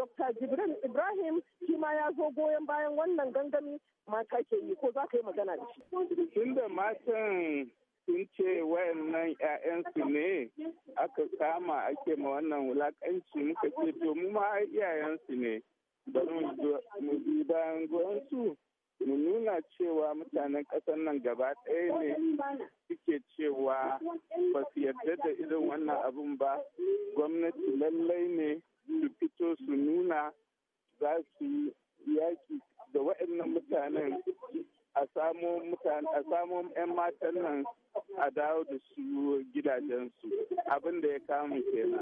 Dr. jibril Ibrahim shi ma ya zo goyon bayan wannan gangami mata ke yi ko za ka yi magana da shi. Tunda matan sun ce wayannan 'ya'yansu ne aka kama ake ma wannan wulakanci muka ce to mu ma iyayensu ne bari mu bi bayan su mu nuna cewa mutanen ƙasar nan gaba ɗaya ne suke cewa ba su yarda da irin wannan abun ba gwamnati lallai ne za su yi yaƙi da waɗannan mutanen a samo mutane a samo 'yan matan nan a dawo da su gidajensu abin da ya kamu kenan.